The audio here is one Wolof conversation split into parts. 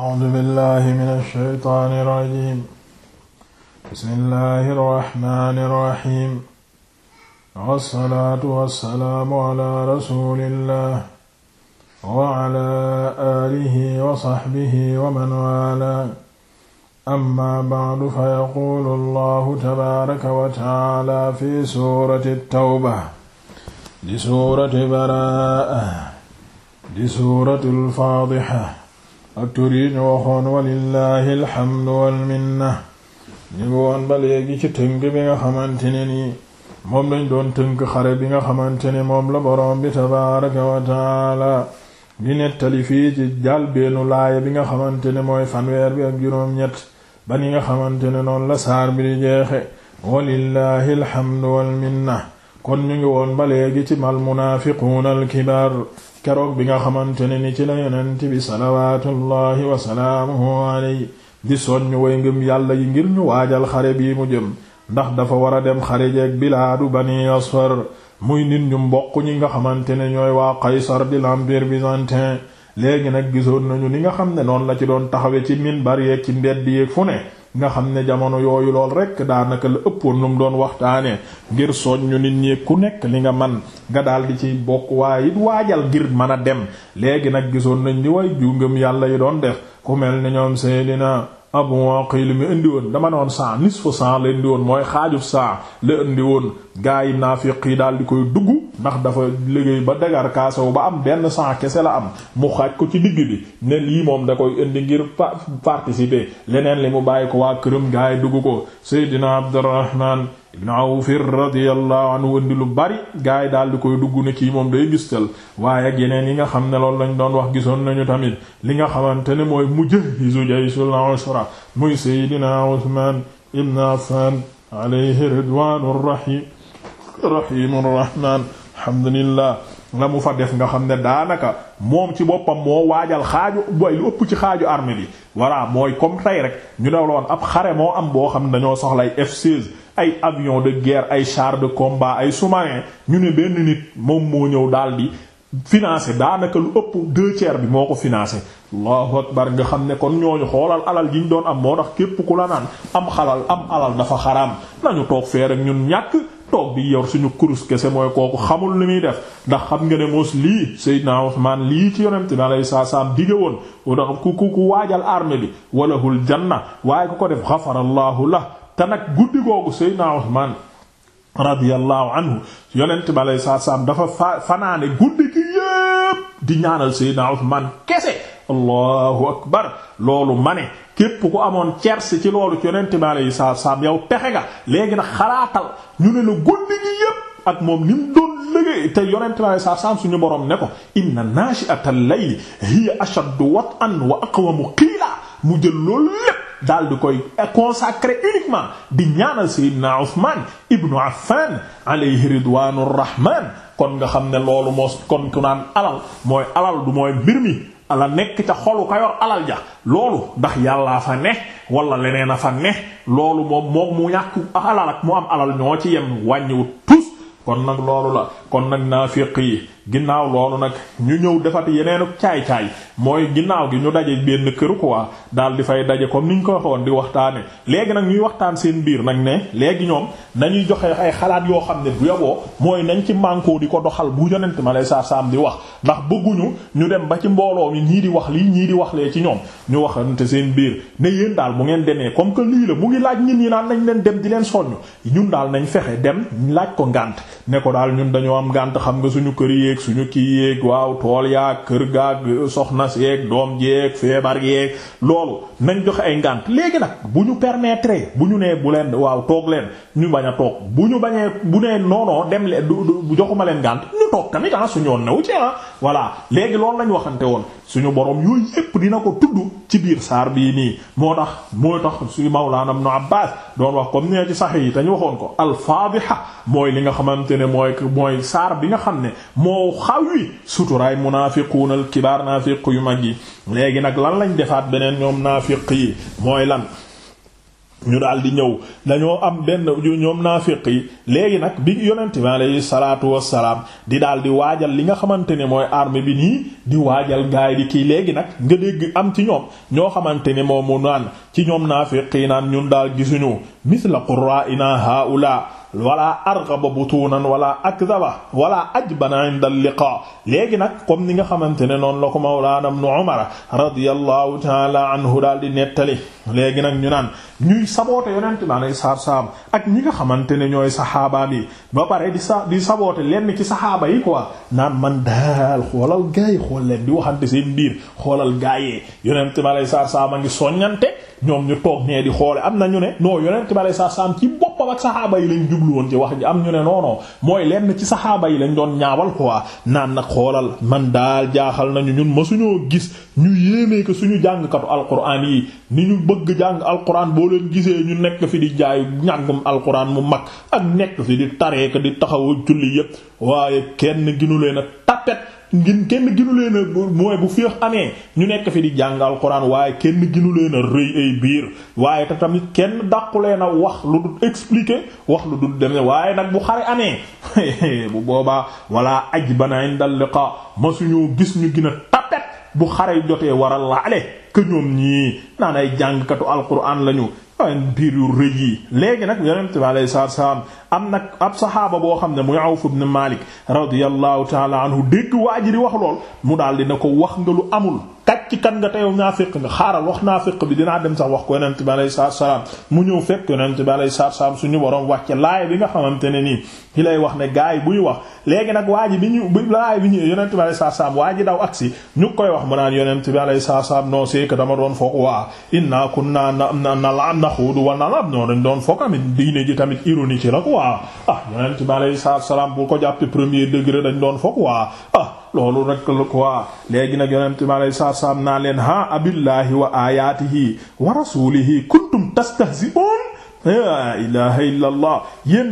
A'uuzu billaahi mina shaytaani rajiim. Bismillaahi rahmaani rahiim. Wassalaatu wassalaamu alaa rasuulillaah wa alaa aalihi wa sahbihi wa man waalaa. Ammaa ba'du fayaquulu Allaahu tabaaraka wa ta'aalaa fi suurati at-Tawba di suurati Baraa'a di suuratul Faadiha ak tur yi ñu waxoon walillahi alhamdu walminna ñu ngi woon ba léegi ci tënk bi nga xamante ne nii moom lañ doon tënk xare bi nga xamante ne moom la boroom bi tabaaraka wa taala di nettali fii ci jàlbeenu laaya bi nga xamante ne mooy fanweer bi ak juróom-ñett ba ni nga xamante ne noonu la saar bi di jeexe walillahi alhamdu walminna kon ñu ngi woon ba léegi ci mal munaafiquuna alkibaar keroog bi nga xamante ne ni ci la yonent bi salawaatullahi wasalaamuhu alayhi di soññ way ngëm yàlla yi ngir ñu waajal xare bii mu jëm ndax dafa war a dem xare jeeg bilaadu bani asfar muy nit ñu mbokk ñi nga xamante ne ñooy waa qaysar di l'empire byzantin léegi nag gisoon nañu li nga xam ne noonu la ci doon taxawe ci minbar yeeg ci mbedd yeeg fu ne nga xam ne jamono yooyu lool rekk daanaka la ëppoon lu mu doon waxtaanee ngir ñu nit ñi ku nekk li nga man nga daal di ciy bokk waaye it waajal ngir mën a dem léegi nag gisoon nañ di way ju ngëm yàlla yi doon def ku mel ni ñoom Seydina abu aqil mi indi woon dama ne noon saa nisfu saa la indi woon mooy xaajuf saa la indi woon gaa yi naafiq yi daal di koy dugg ndax dafa liggéey ba dagar kaasaw ba am benn saa kese la am mu xaaj ko ci digg bi ne lii moom da koy indi ngir participer leneen li mu bàyyi ko waa këram gaa yi dugg ko Seydina Abdurrahman ibnu awfir radiyallahu anhu wëndi lu bari gaay yi daal di koy dugg ne kii moom day gistal waaye ak yeneen yi nga xam ne loolu lañ doon wax gisoon nañu tamit li nga xamante ne mooy mujahhizu jayshul usra muy seydina usman ibn affan alayhi ridwanur rahim rahimur rahman alhamdulillah la mu fa def nga xam ne daanaka moom ci boppam moo waajal xaaju booy lu ëpp ci xaaju armée yi voilà mooy comme tey rek ñu ne woon ab xare moo am boo xam ne dañoo soxlay F16 ay avion de guerre ay char de combat ay sous ñu ne benn nit moom moo ñëw daal daldi financé daanaka lu ëpp deux tiers bi moo ko financé allahu akbar nga xam ne kon ñooñu xoolal alal gi ñu doon am moo tax képp ku la naan am xalal am alal dafa xaram nañu toog fee rek ñun ñàkk toog bi yor suñu kurus kese mooy kooku xamul li muy def ndax xam nga ne mos lii Seydina Usmaan lii ci yonent bi alayhi salaam dige woon ndax ku ku ku waajal armée bi walahul janna waaye ku ko la te nag guddi googu Seydina Usmaan radiyallahu anhu yonent bi alayhi salaatu dafa fa fanaane guddi gi yépp di ñaanal Seydina Usmaan kese allahu akbar loolu ma ne képp ku amoon cerse ci loolu ci yonent bi alayhi salaatu yow pexe nga léegi nag xalaatal ñu ne la guddi gi yépp ak moom ni mu doon léegi te yonent bi alayhi salaatu salaam suñu borom ne ko inna naashi'atal layli hiya ashaddu wat'an wa aqwamu qiila mu jël loolu lépp daal di koy consacré uniquement di ñaanal Seydina Ousmane ibnu Affan alayhi ridwanu rahman kon nga xam ne loolu moo kon ku naan alal mooy alal du mooy mbir mi ala nekk ca xolu ka yor alal ja loolu ndax yàllaa fa ne walla leneen a fa ne loolu moom moom mu ñàkk alal ak mu am alal ñoo ci yem wàññiwut tus kon nag loolu la kon nag naafiq yi ginnaaw loolu nag ñu ñëw defati yeneenu caay-caay mooy ginnaaw gi ñu daje benn kër quoi daal di fay daje ko ni ñu ko waxoon di waxtaane léegi nag ñuy waxtaan seen biir nag ne léegi ñoom nañuy joxe ay xalaat yoo xam ne bu yoboo mooy nañ ci mànkoo di ko doxal bu yonent ma lay saa saam di wax ndax bëgguñu ñu dem ba ci mbooloo mi ñii di wax lii ñii di wax lee ci ñoom ñu te seen biir ne yéen daal mu ngeen demee comme que lii la mu ngi laaj ñin ñi naan nañ leen dem di leen soññ ñun daal nañ fexe dem laaj ko ngànt ne ko daal ñun dañoo am ngànt xam nga suñu kër ñu kii yéeg waaw tool yaa kër gaag soxna seeg doom jeeg feebar yeeg loolu nañ joxe ay ngànt léegi nag bu ñu permettre bu ñu nee bu leen waaw toog leen ñu bañ a toog bu ñu bañee bu nee noonoo dem leen du joxuma leen ngànt ñu toog tamit ah suñu yoon new ci ah voilà léegi loolu lañ waxante woon suñu borom yooyu yépp dina ko tudd ci biir saar bii nii moo tax moo tax suñu Mawlaana Ibnu Abbaas doon wax comme nee ci sax yi te ñu waxoon ko al-Faadiha li nga xamante ne mooy mooy saar nga moo xaw wi suturaay munaafiquun al kibaar naafiq yu mag yi léegi nag lan lañ defaat beneen ñoom naafiq yi mooy lan ñu daal di ñëw dañoo am benn ñoom naafiq yi léegi nag bi yonent bi alayhi salaatu di daal di waajal li nga xamante ne mooy armée bi nii di waajal gaay di kii léegi nag nga dégg am ci ñoom ñoo xamante ne moom mu naan ci ñoom naafiq yi naan ñun daal gisuñu misla qurra'ina haula wala arghaba butunan wala akdhaba wala ajbana inda al-liqa léegi nag comme ni nga xamante ne noonu la ko mawlaana ibn Umar radiyallahu taala anhu daal di nettali léegi nag ñu naan ñuy saboote yonent bi alayhi salaatu ak ñi nga xamante ne ñooy saxaabaam ba pare di sa di saboote lenn ci saxaaba yi quoi naan man daal xoolal gaa xool leen di waxante seen biir xoolal gaa yee yonent bi alayhi salaatu salaam a ngi soññante ñoom ñu toog nee di xoole am na ñu ne non yonent bi jublu woon ci wax ji am ñu ne non mooy lenn ci saxaaba yi lañ doon ñaawal quoi naan nag xoolal man daal jaaxal nañu ñun masuñoo gis ñu yéemee ko suñu jàngkatu alquran yi ni ñu bëgg jàng alxuraan boo leen gisee ñu nekk fi di jaay ñàngum alquran mu mag ak nekk fi di tareeka di taxaw julli yëpp waaye kenn ginu leen a tapet ngeen kenn ginu leen a mooy bu féex amee ñu nekk fi di jàngal alxuraan waaye kenn ginu leen a rëy ay biir waaye te tamit kenn dàqu leen a wax lu dul expliquer wax lu dul demee waaye nag bu xare amee bu boobaa walla aj banaay ndal liqa ma suñu gis ñu gina a bu xare jotee waral a ale que ñoom ñii naan ay jàngkatu alxuraan lañu waaye biir yu rëy yi léegi nag yonent bi alayhi salaam am nag ab saxaaba boo xam ne muy Awf ibn Malik radiyallahu taala anhu dégg waa ji di wax lool mu daal di ne ko wax nga lu amul kàcc kan nga teyow naafiq nga xaaral wax naafiq bi dinaa dem sax wax ko yonent bi alayhi salaatu salaam mu ñëw fekk yonent bi alayhi salaatu salaam suñu borom wàcce laay bi nga xamante ne nii ki lay wax ne gaay yi buy wax léegi nag waa ji bi ñu bi laay bi ñu yonent bi alayhi salaatu salaam waa ji daw agsi ñu koy wax mu naan yonent bi alayhi dama doon naxuudu wa nalab noonu dañ doon foog amit diine ji tamit ironie ci la quoi ah yonent bi alayhi salaam bu ko jàppee premier degré dañ doon waa ah loolu rek la quoi léegi nag yonent bi alayhi salaatu salaam naa leen ha abillahi wa ayaatihi wa rasuulihi kuntum tastahzi'un laa ilaha illa allah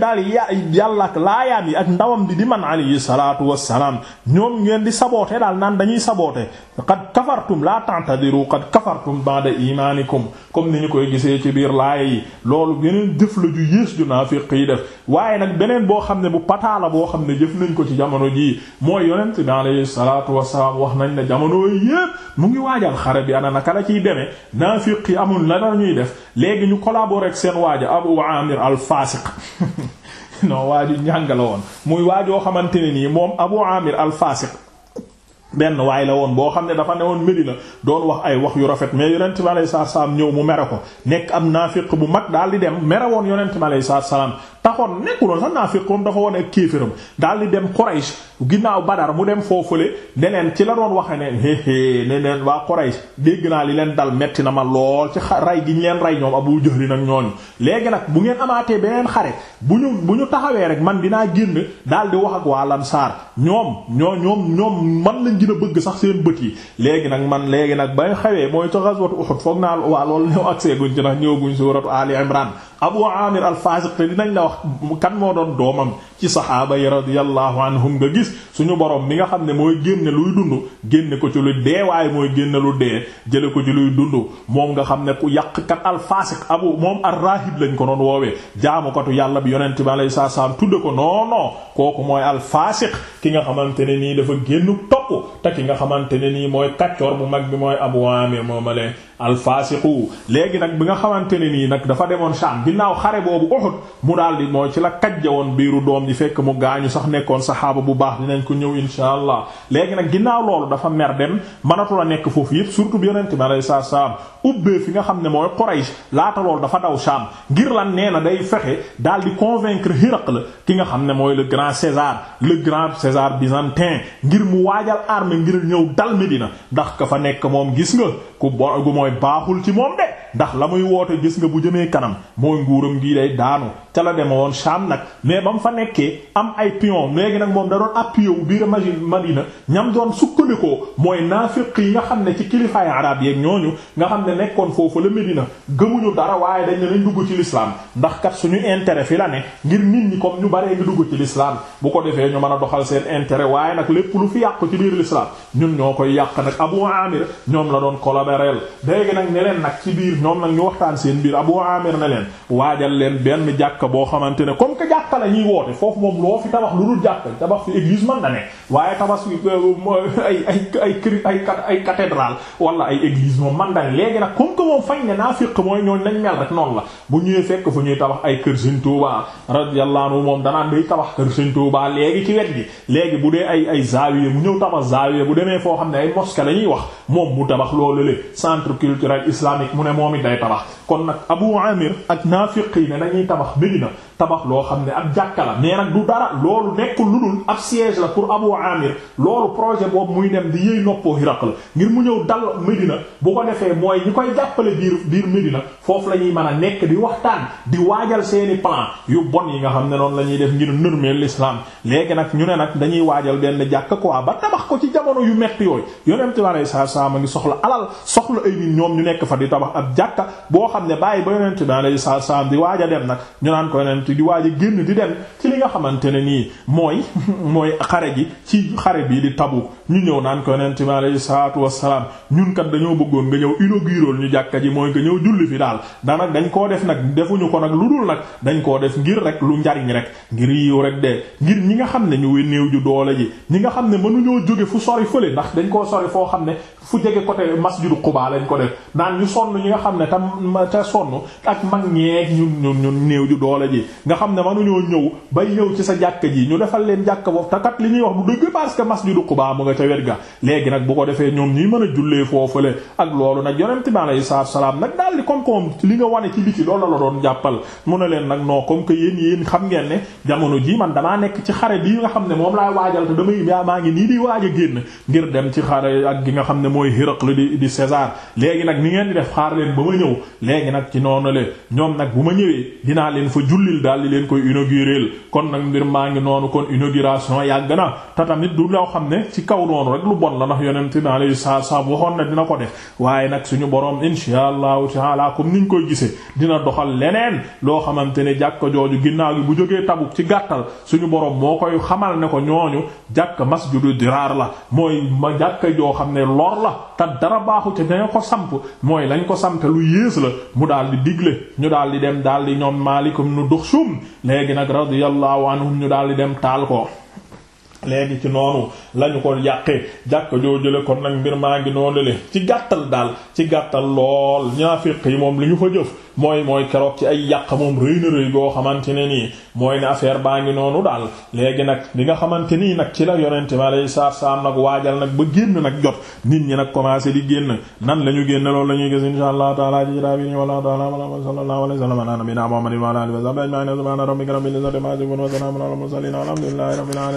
daal ya yàlla ak laayaam yi ak ndawam di di man alayhi salatu wassalaam ñoom ngeen di saboote daal naan dañuy saboote qad kafartum la ta'tadiru qad kafartum ba'da imanikum comme ni ñu koy gisee ci biir laaya yi loolu beneen jëf la ju yées ju naafiq yi def waaye nag beneen boo xam ne bu pataala boo xam ne jëf nañ ko ci jamono jii mooy yonent bi alayhi salatu wassalaam wax nañ ne jamono yépp mu ngi waajal xare bi ana naka la ciy demee naafiq yi amul la ñuy def léegi waaja abu amir al fasiq non waaju njàng la woon muy waajoo xamante ne nii moom abu amir al benn waay la woon boo xam ne dafa ne woon Medina doon wax ay wax yu rafet mais yonent bi alayhi salaam ñëw mu mere ko nekk am naafiq bu mag daal di dem mere woon yonent bi alayhi salaam taxoon nekkuloon sax naa fekk moom dafa wone ak kéefëram daal di dem Quraysh ginnaaw Badar mu dem foofule neneen ci la doon waxe ne éé neneen waa Quraysh dégg naa li leen dal metti na ma lool ci ray gi ñu leen ray ñoom Abu Jahl nag ñooñu léegi nag bu ngeen amaatee beneen xare bu ñu bu ñu taxawee rek man dinaa génn daal di wax ak waa Ansaar ñoom ñoo ñoom ñoom man lañ gën a bëgg sax seen bët yi léegi nag man léegi nag bay xawee mooy ca ghazwat Uhud foog naa waa loolu ñëw ak seeguñ ci ndax ñëw guñ suuratu Ali abu amir alfasiq te dinañ la wax kan moo doon doomam ci saxaaba yi radiyallahu anhum nga gis suñu borom mi nga xam ne mooy génne luy dund génne ko ci lu dee waaye mooy génne lu dee jële ko ci luy dund moom nga xam ne ku kat alfasiq abu moom arrahib lañ ko doon woowee jaamukatu yàlla bi yonent bi alayhi salaam tudde ko non kooku mooy alfasiq ki nga xamante ne nii dafa génn topp te ki nga xamante ne nii mooy kaccoor bu mag bi mooy abu amir moomale alfasiqu léegi nag bi nga xamante ne nii nag dafa demoon Sham ginnaaw xare boobu Uhud mu daal di mooy ci la kajja woon biiru doom ji fekk mu gaañu sax nekkoon saxaaba bu baax dinañ ko ñëw insha allah léegi nag ginnaaw loolu dafa mer dem mënatu la nekk foofu yépp surtout bi yonente bi alayhi salaatu salaam ubbee fi nga xam ne mooy Quraysh laata loolu dafa daw Sham ngir lan nee na day fexe daal di convaincre la ki nga xam ne mooy le grand César le grand César byzantin ngir mu waajal armée ngir ñëw dal Médina ndax ka fa nekk moom gis nga ku bo gu baaxul ci moom ndax la muy woote gis nga bu jëmee kanam mooy nguuram gi day daanu ca la woon Sham nag mais ba mu fa nekkee am ay pion léegi nag moom da doon appuyé wu biir Madina ñam doon sukkandikoo mooy naafiq yi nga xam ne ci kilifaay arab yeeg ñooñu nga xam ne nekkoon foofu la Medina gëmuñu dara waaye dañ ne nañ dugg ci l'islam ndax kat suñu intérêt fi la ne ngir nit ñi ko ñu baree ngi dugg ci l'islam bu ko defee ñu man a doxal seen intérêt waaye nag lépp lu fi yàqu ci biir l'islam ñun ñoo koy yàq nag Abu ñoom la doon collaborer ñoom nag ñu waxtaan seen biir Abu Amir ne leen waajal leen benn jàkka boo xamante ne comme que jàkka la ñuy woote foofu moom loo fi tabax lu dul jàkka tabax fi église man na ne waaye tabax euh, ay ay ay kër ay ay cathédrale wala ay église moom man na ne léegi nag comme que moom fañ ne naafiq mooy nañ mel rek noonu la bu ñëwee fekk fu ñuy tabax ay kër Sëriñ Tuubaa radiyallahu anhu moom danaan day tabax kër Sëriñ Tuubaa léegi ci wet gi léegi bu dee ay ay bu mu ñëw tabax zaawiye bu demee foo xam ne ay mosquée la ñuy wax moom mu tabax loolu le centre culturel islamique mu ne moom it day tabax kon nag Abu Amir ak naafiq yi ne dañuy tabax Medina tabax loo xam ne ab jàkka la mais nag du dara loolu nekkul lu dul ab siège la pour Abu Amir loolu projet boobu muy dem di yëy noppoo Hiraq la ngir mu ñëw dal Medina bu ko defee mooy ñu koy jàppale biir biir Medina foofu la ñuy mën a nekk di waxtaan di waajal seeni plan yu bon yi nga xam ne noonu la ñuy def ngir nërmeel l'islam léegi nag ñu ne nag dañuy waajal benn jàkka quoi ba tabax ko ci jamono yu metti yooyu yonent bi alayhi salaam ngi soxla alal soxla ay ñoom ñu nekk fa di tabax ab jàkka xam ne bàyyi ba yonent bi alayhi di waaj dem nag ñu naan ko yonent di waaj a génn di dem ci li nga xamante ne nii mooy mooy xare gi ci xare bii di Tabuk ñu ñëw naan ko yonent bi alayhi salaatu wassalaam ñun kat dañoo bëggoon nga ñëw inaugurer ñu jàkka ji mooy nga ñëw julli fi daal daanaka dañ koo def nag defuñu ko nag lu dul nag dañ koo def ngir rek lu njariñ rek ngir yiw rek de ngir ñi nga xam ne ñu néew ju doole ji ñi nga xam ne mënuñoo jóge fu sori fële ndax dañ koo sori foo xam ne fu jege côté masjidu Quba lañ ko def naan ñu sonn ñi nga xam ne tam ca sonn ak mag ñeeg ñun ñun ñun néew ju doole ji nga xam ne mënuñoo ñëw bay ñëw ci sa jàkk ji ñu defal leen jàkk boobu takat li ñuy wax bu dëgg parce que masjidu Quba mu nga ca wet ga léegi nag bu ko defee ñoom ñuy mën a jullee foofu ak loolu nag yonent bi alayhi salaatu salaam nag koom-koom li nga wane ci biti loolu la doon jàppal mu ne leen nag non comme que yéen yéen xam ngeen ne jamono ji man damaa nekk ci xare bii nga xam ne moom laay waajal te damay maa ngi nii di waaj génn ngir dem ci xare ak gi nga xam ne mooy Hiraql di léegi nag ni ngeen di def xaar leen ba ma ñëw léegi nag ci noonu le ñoom nag bu ma ñëwee dinaa leen fa jullil daal di leen koy inaugurer kon nag mbir maa ngi noonu kon inauguration yàgg na te tamit du loo xam ne ci kaw noonu rek lu bon la ndax yonent bi alayhi salaam waxoon na dina ko def waaye nag suñu borom insha allahu taala comme niñ koy gisee dina doxal leneen loo xamante ne jàkka jooju ginnaaw gi bu jógee Tabuk ci gàttal suñu borom moo koy xamal ne ko ñooñu jàkka masjidu diraar la mooy ma jàkka joo xam ne lor la te dara baaxu ca dañu ko samp mooy lañ ko samp lu yées la mu daal di digle ñu daal di dem daal di ñoom Maalik ibn Duxsum léegi nag radiyallahu anhum ñu daal di dem taal ko léegi ci noonu lañu ko yàqee jàkk joojule kon nag mbir maa ngi noonu le ci gàttal daal ci gàttal lool ñaafiq yi moom li ñu fa jëf mooy mooy keroog ci ay yàq moom rëy na rëy goo xamante ne nii mooy ne affaire baa ngi noonu daal léegi nag li nga xamante nii nag ci la yonente ma lay saar saam nag waajal nag ba génn nag jot nit ñi nag commencé di génn nan la ñu génn loolu gis insha allah taala ci daa bi wala taala sallallahu alayhi wa sallam ala nabiyina